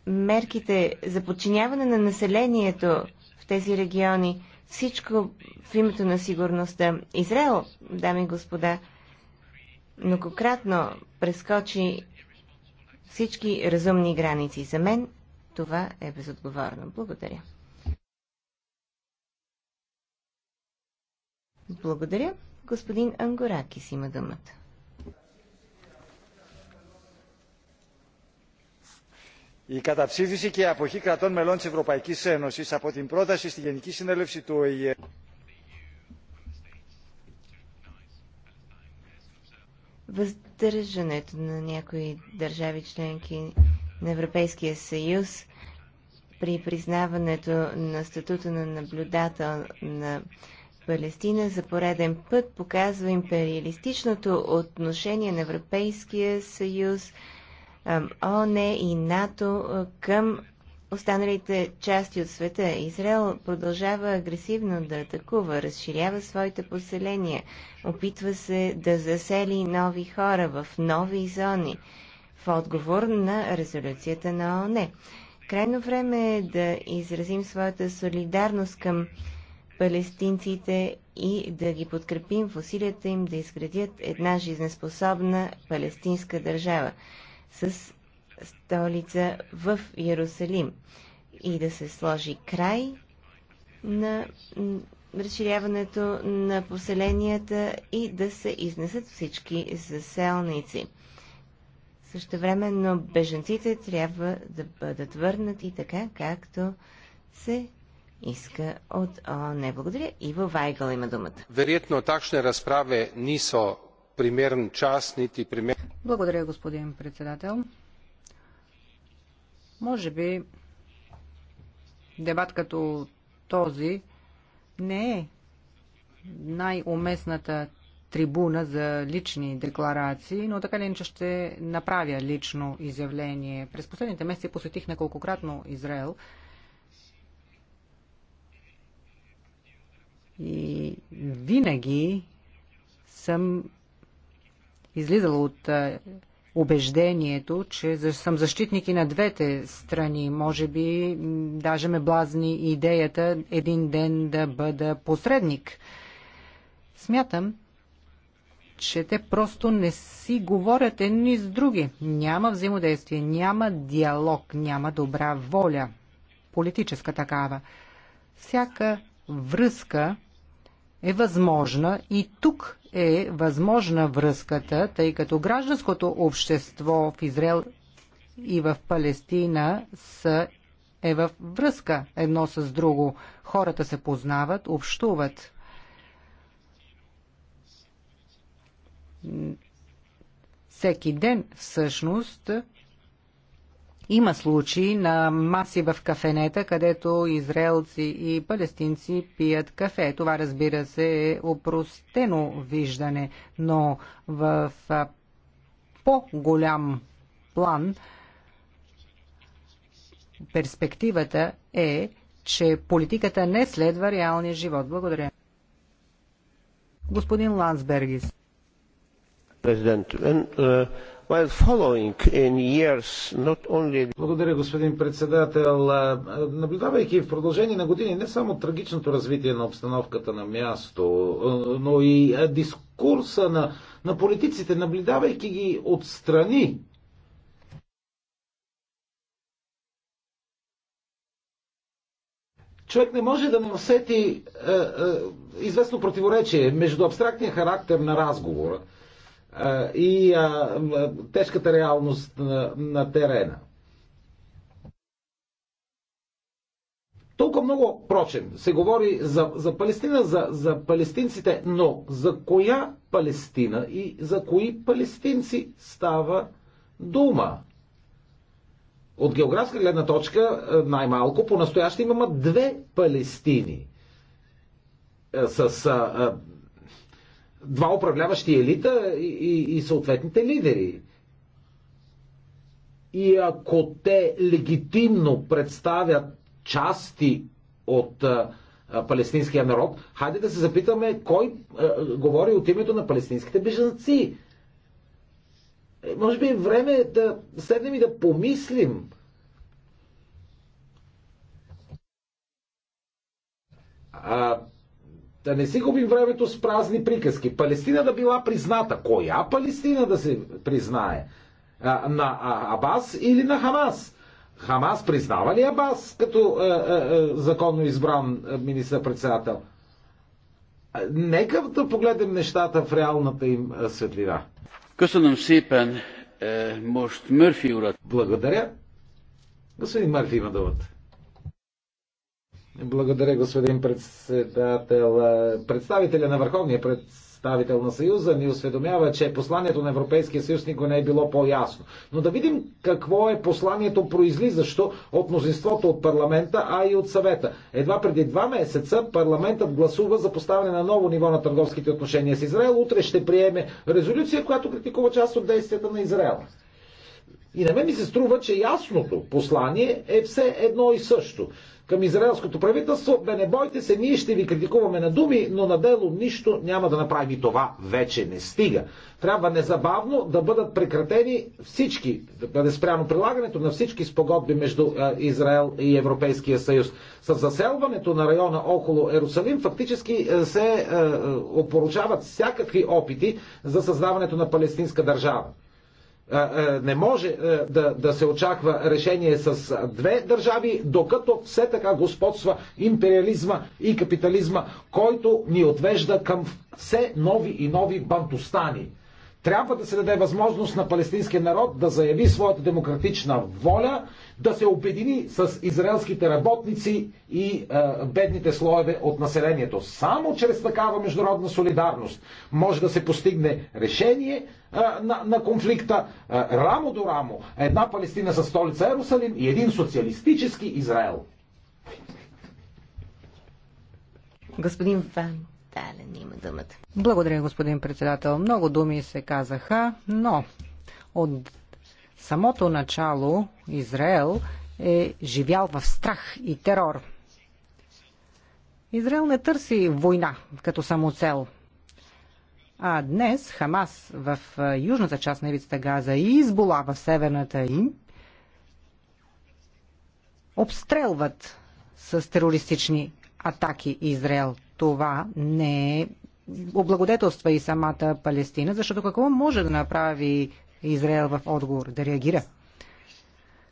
Speaker 1: мерките за подчиняване на населението в тези региони, всичко в името на сигурността. Израел, дами и господа, многократно прескочи всички разумни граници. За мен това е безотговорно. Благодаря. Благодаря. Господин Ангоракис има думата.
Speaker 4: η καταψήφιση και η αποχή κρατών μελών της ευρωπαϊκής ένωσης από την πρόταση στη γενική συνέλευση του οηε
Speaker 1: въздържането на някои държави членки на Европейския съюз при признаването на статута на наблюдател на Палестина за пореден път показва империалистичното отношение на Европейския съюз Оне и НАТО към останалите части от света. Израел продължава агресивно да атакува, разширява своите поселения, опитва се да засели нови хора в нови зони в отговор на резолюцията на ОНЕ. Крайно време е да изразим своята солидарност към палестинците и да ги подкрепим в усилията им да изградят една жизнеспособна палестинска държава с столица в Иерусалим и да се сложи край на разширяването на поселенията и да се изнесат всички заселници. но беженците трябва да бъдат върнати така, както се иска от не. Благодаря. Иво Вайгъл има думата. Вероятно, такшне разправе
Speaker 4: нисо примерен час, нити примерен...
Speaker 1: Благодаря, господин председател.
Speaker 3: Може би дебат като този не е най-уместната трибуна за лични декларации, но така ли че ще направя лично изявление. През последните месеци посетих неколкократно Израел и винаги съм излизала от убеждението, че съм защитник и на двете страни. Може би даже ме блазни идеята един ден да бъда посредник. Смятам, че те просто не си говорят едни с други. Няма взаимодействие, няма диалог, няма добра воля, политическа такава. Всяка връзка е възможна и тук е възможна връзката, тъй като гражданското общество в Израел и в Палестина са, е в връзка едно с друго. Хората се познават, общуват. Всеки ден всъщност има случаи на маси в кафенета, където израелци и палестинци пият кафе. Това, разбира се, е опростено виждане, но в по-голям план перспективата е, че политиката не следва реалния живот. Благодаря. Господин Лансбергис.
Speaker 4: Президент, е, благодаря, господин председател. Наблюдавайки в продължение на години не само трагичното развитие на обстановката на място, но и дискурса на, на политиците, наблюдавайки ги отстрани, човек не може да не усети е, е, известно противоречие между абстрактния характер на разговора – и а, тежката реалност на, на терена. Толкова много, прочим, се говори за, за Палестина, за, за палестинците, но за коя Палестина и за кои палестинци става дума? От географска гледна точка, най-малко, по-настояще имаме две Палестини е, с а, два управляващи елита и, и, и съответните лидери. И ако те легитимно представят части от а, палестинския народ, хайде да се запитаме кой а, говори от името на палестинските бежанци. Е, може би е време да седнем и да помислим. А, да не си губим времето с празни приказки. Палестина да била призната. Коя Палестина да се признае? А, на а, Абас или на Хамас? Хамас признава ли Абас като а, е, а, е, е, законно избран министър-председател? Нека да погледнем нещата в реалната им светлина. Късанам szépen, most Благодаря. Господин Мърфи има думата. Благодаря, господин председател. Представителя на Върховния представител на Съюза ни осведомява, че посланието на Европейския съюз никога не е било по-ясно. Но да видим какво е посланието произлизащо от мнозинството от парламента, а и от съвета. Едва преди два месеца парламентът гласува за поставяне на ново ниво на търговските отношения с Израел. Утре ще приеме резолюция, която критикува част от действията на Израел. И на мен ми се струва, че ясното послание е все едно и също към израелското правителство, бе не бойте се, ние ще ви критикуваме на думи, но на дело нищо няма да направим и това вече не стига. Трябва незабавно да бъдат прекратени всички, да бъде спряно прилагането на всички спогодби между Израел и Европейския съюз. С заселването на района около Ерусалим фактически се опоручават всякакви опити за създаването на палестинска държава. Е, е, не може е, да, да се очаква решение с две държави, докато все така господства империализма и капитализма, който ни отвежда към все нови и нови бантостани. Трябва да се даде възможност на палестинския народ да заяви своята демократична воля, да се обедини с израелските работници и е, бедните слоеве от населението. Само чрез такава международна солидарност може да се постигне решение е, на, на конфликта е, рамо до рамо. Една Палестина със столица Ерусалим и един социалистически Израел.
Speaker 3: Господин фан. Дален има думата. Благодаря, господин председател. Много думи се казаха, но от самото начало Израел е живял в страх и терор. Израел не търси война като самоцел. А днес Хамас в южната част на ивицата Газа и Избола в северната им обстрелват с терористични атаки Израел това не е облагодетелства и самата Палестина, защото какво може да направи Израел в отговор? Да реагира.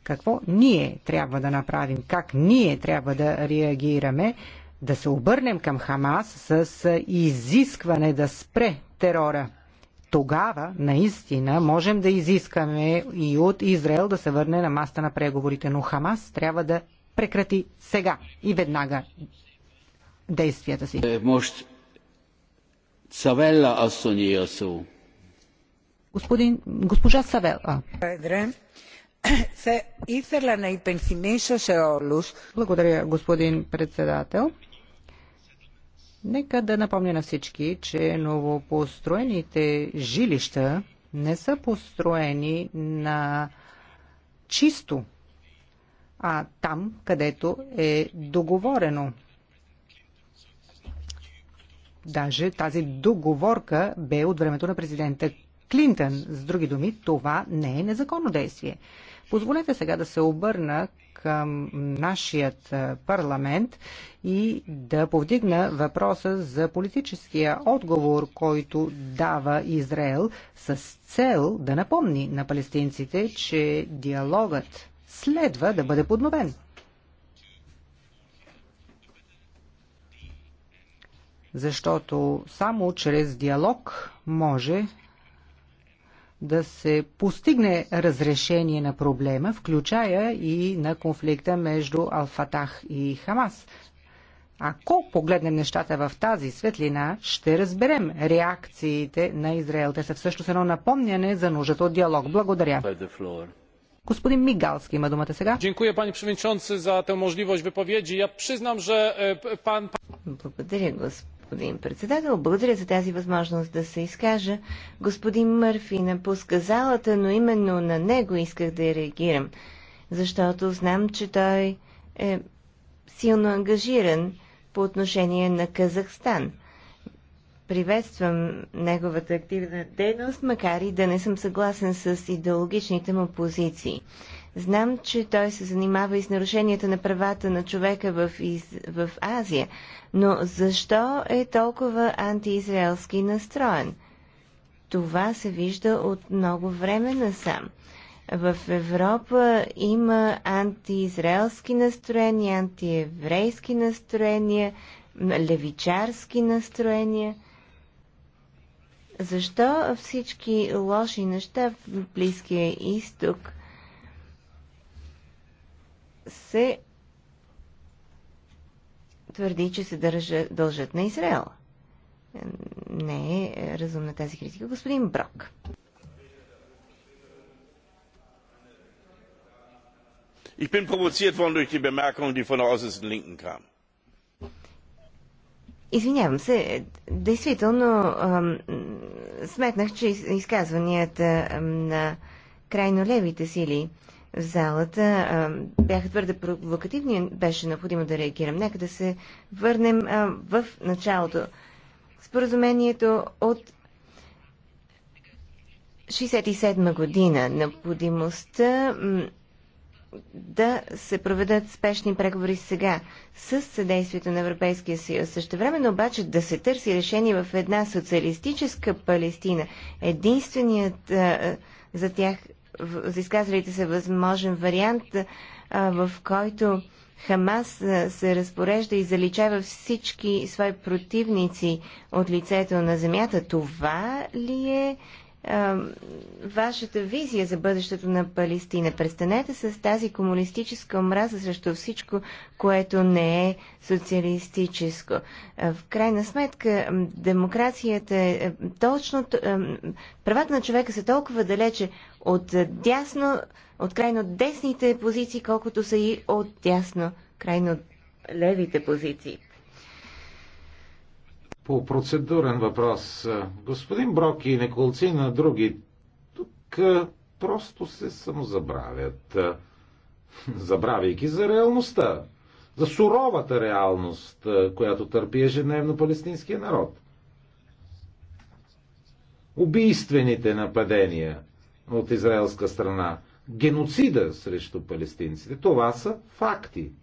Speaker 3: Какво ние трябва да направим? Как ние трябва да реагираме? Да се обърнем към Хамас с изискване да спре терора. Тогава, наистина, можем да изискаме и от Израел да се върне на маста на преговорите, но Хамас трябва да прекрати сега и веднага действията си.
Speaker 2: Мощ Савела
Speaker 3: Господин, госпожа Савела. Благодаря, господин председател. Нека да напомня на всички, че новопостроените жилища не са построени на чисто, а там, където е договорено. Даже тази договорка бе от времето на президента Клинтън. С други думи, това не е незаконно действие. Позволете сега да се обърна към нашият парламент и да повдигна въпроса за политическия отговор, който дава Израел с цел да напомни на палестинците, че диалогът следва да бъде подновен. защото само чрез диалог може да се постигне разрешение на проблема, включая и на конфликта между Алфатах и Хамас. Ако погледнем нещата в тази светлина, ще разберем реакциите на Израел. Те са всъщност едно напомняне за нуждата от диалог. Благодаря. Господин
Speaker 1: Мигалски има думата сега.
Speaker 4: Dziękuję panie przewodniczący za tę możliwość wypowiedzi. Я признам, че
Speaker 1: пан... Благодаря, господин господин председател. Благодаря за тази възможност да се изкажа. Господин Мърфи напуска залата, но именно на него исках да реагирам, защото знам, че той е силно ангажиран по отношение на Казахстан. Приветствам неговата активна дейност, макар и да не съм съгласен с идеологичните му позиции. Знам, че той се занимава и с нарушенията на правата на човека в, из... в Азия, но защо е толкова антиизраелски настроен? Това се вижда от много време насам. В Европа има антиизраелски настроения, антиеврейски настроения, левичарски настроения. Защо всички лоши неща в Близкия изток – се твърди, че се държа, дължат на Израел. Не е разумна тази критика. Господин Брок. Ich bin provoziert worden durch die Bemerkung, die von der äußersten Linken kam. Извинявам се, действително сметнах, че изказванията на крайно левите сили в залата бяха твърде провокативни, беше необходимо да реагирам. Нека да се върнем в началото. Споразумението от 1967 година, необходимостта да се проведат спешни преговори сега с съдействието на Европейския съюз. Същевременно обаче да се търси решение в една социалистическа Палестина. Единственият за тях за изказалите се възможен вариант, в който Хамас се разпорежда и заличава всички свои противници от лицето на земята. Това ли е вашата визия за бъдещето на Палестина. Престанете с тази комунистическа омраза срещу всичко, което не е социалистическо. в крайна сметка, демокрацията е точно... правата на човека са толкова далече от дясно, от крайно десните позиции, колкото са и от дясно, крайно левите позиции
Speaker 4: по процедурен въпрос. Господин Брок и Николци на други тук просто се самозабравят, забравяйки за реалността, за суровата реалност, която търпи ежедневно палестинския народ. Убийствените нападения от израелска страна, геноцида срещу палестинците, това са факти –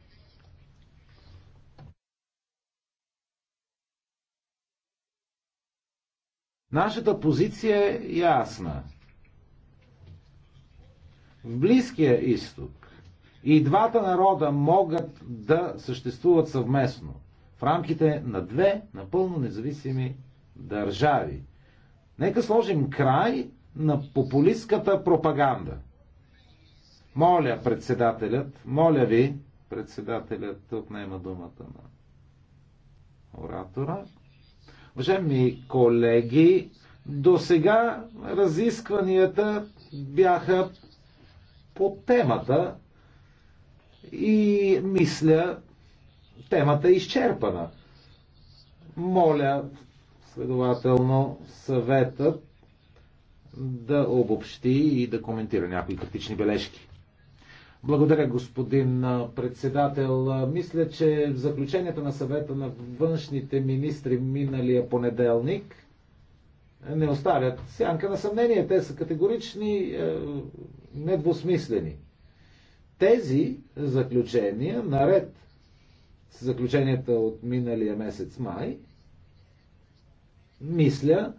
Speaker 4: Нашата позиция е ясна. В Близкия изток и двата народа могат да съществуват съвместно в рамките на две напълно независими държави. Нека сложим край на популистската пропаганда. Моля, председателят, моля ви, председателят отнема думата на оратора. Уважаеми колеги, до сега разискванията бяха по темата и мисля, темата е изчерпана. Моля, следователно, съветът да обобщи и да коментира някои критични бележки. Благодаря, господин председател. Мисля, че в заключенията на съвета на външните министри миналия понеделник не оставят сянка на съмнение. Те са категорични, недвусмислени. Тези заключения, наред с заключенията от миналия месец май, мисля,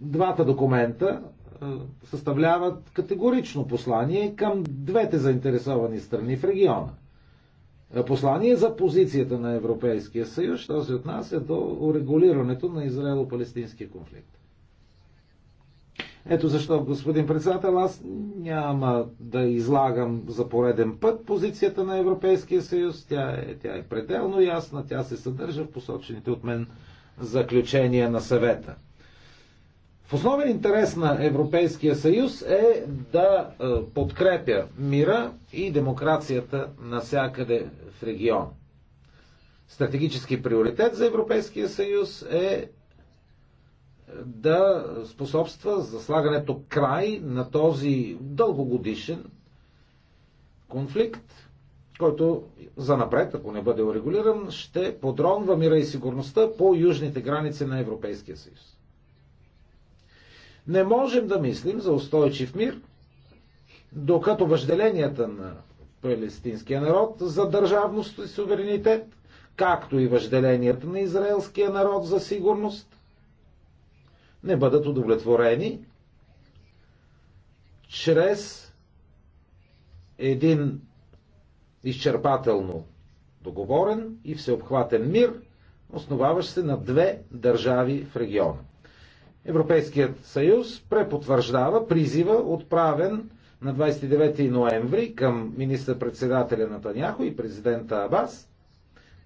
Speaker 4: двата документа е, съставляват категорично послание към двете заинтересовани страни в региона. Е, послание за позицията на Европейския съюз, що се отнася до урегулирането на израело-палестинския конфликт. Ето защо, господин председател, аз няма да излагам за пореден път позицията на Европейския съюз. Тя е, тя е пределно ясна, тя се съдържа в посочените от мен заключения на съвета. В основен интерес на Европейския съюз е да е, подкрепя мира и демокрацията навсякъде в регион. Стратегически приоритет за Европейския съюз е, е да способства за слагането край на този дългогодишен конфликт, който занапред, ако не бъде урегулиран, ще подронва мира и сигурността по южните граници на Европейския съюз. Не можем да мислим за устойчив мир, докато въжделенията на палестинския народ за държавност и суверенитет, както и въжделенията на израелския народ за сигурност, не бъдат удовлетворени чрез един изчерпателно договорен и всеобхватен мир, основаващ се на две държави в региона. Европейският съюз препотвърждава призива, отправен на 29 ноември към министър-председателя на Таняхо и президента Абас,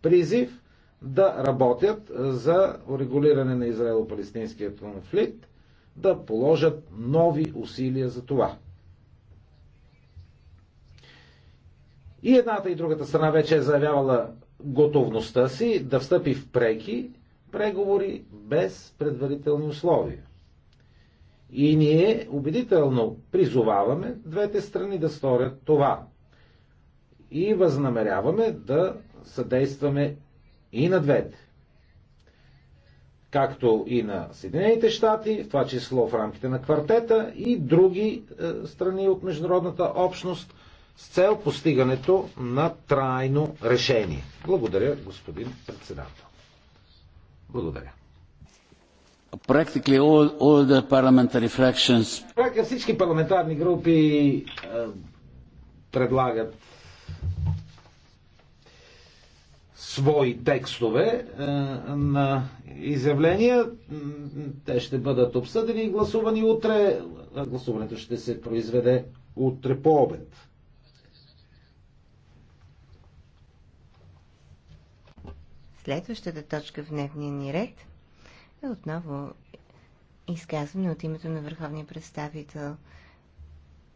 Speaker 4: призив да работят за урегулиране на израело-палестинския конфликт, да положат нови усилия за това. И едната и другата страна вече е заявявала готовността си да встъпи в преки преговори без предварителни условия. И ние убедително призоваваме двете страни да сторят това. И възнамеряваме да съдействаме и на двете. Както и на Съединените щати, в това число в рамките на квартета и други е, страни от международната общност с цел постигането на трайно решение. Благодаря, господин председател. Благодаря.
Speaker 2: Practically all, all the parliamentary fractions...
Speaker 4: Всички парламентарни групи е, предлагат свои текстове е, на изявления. Те ще бъдат обсъдени и гласувани утре. Гласуването ще се произведе утре по обед.
Speaker 1: Следващата точка в дневния ни ред е отново изказване от името на върховния представител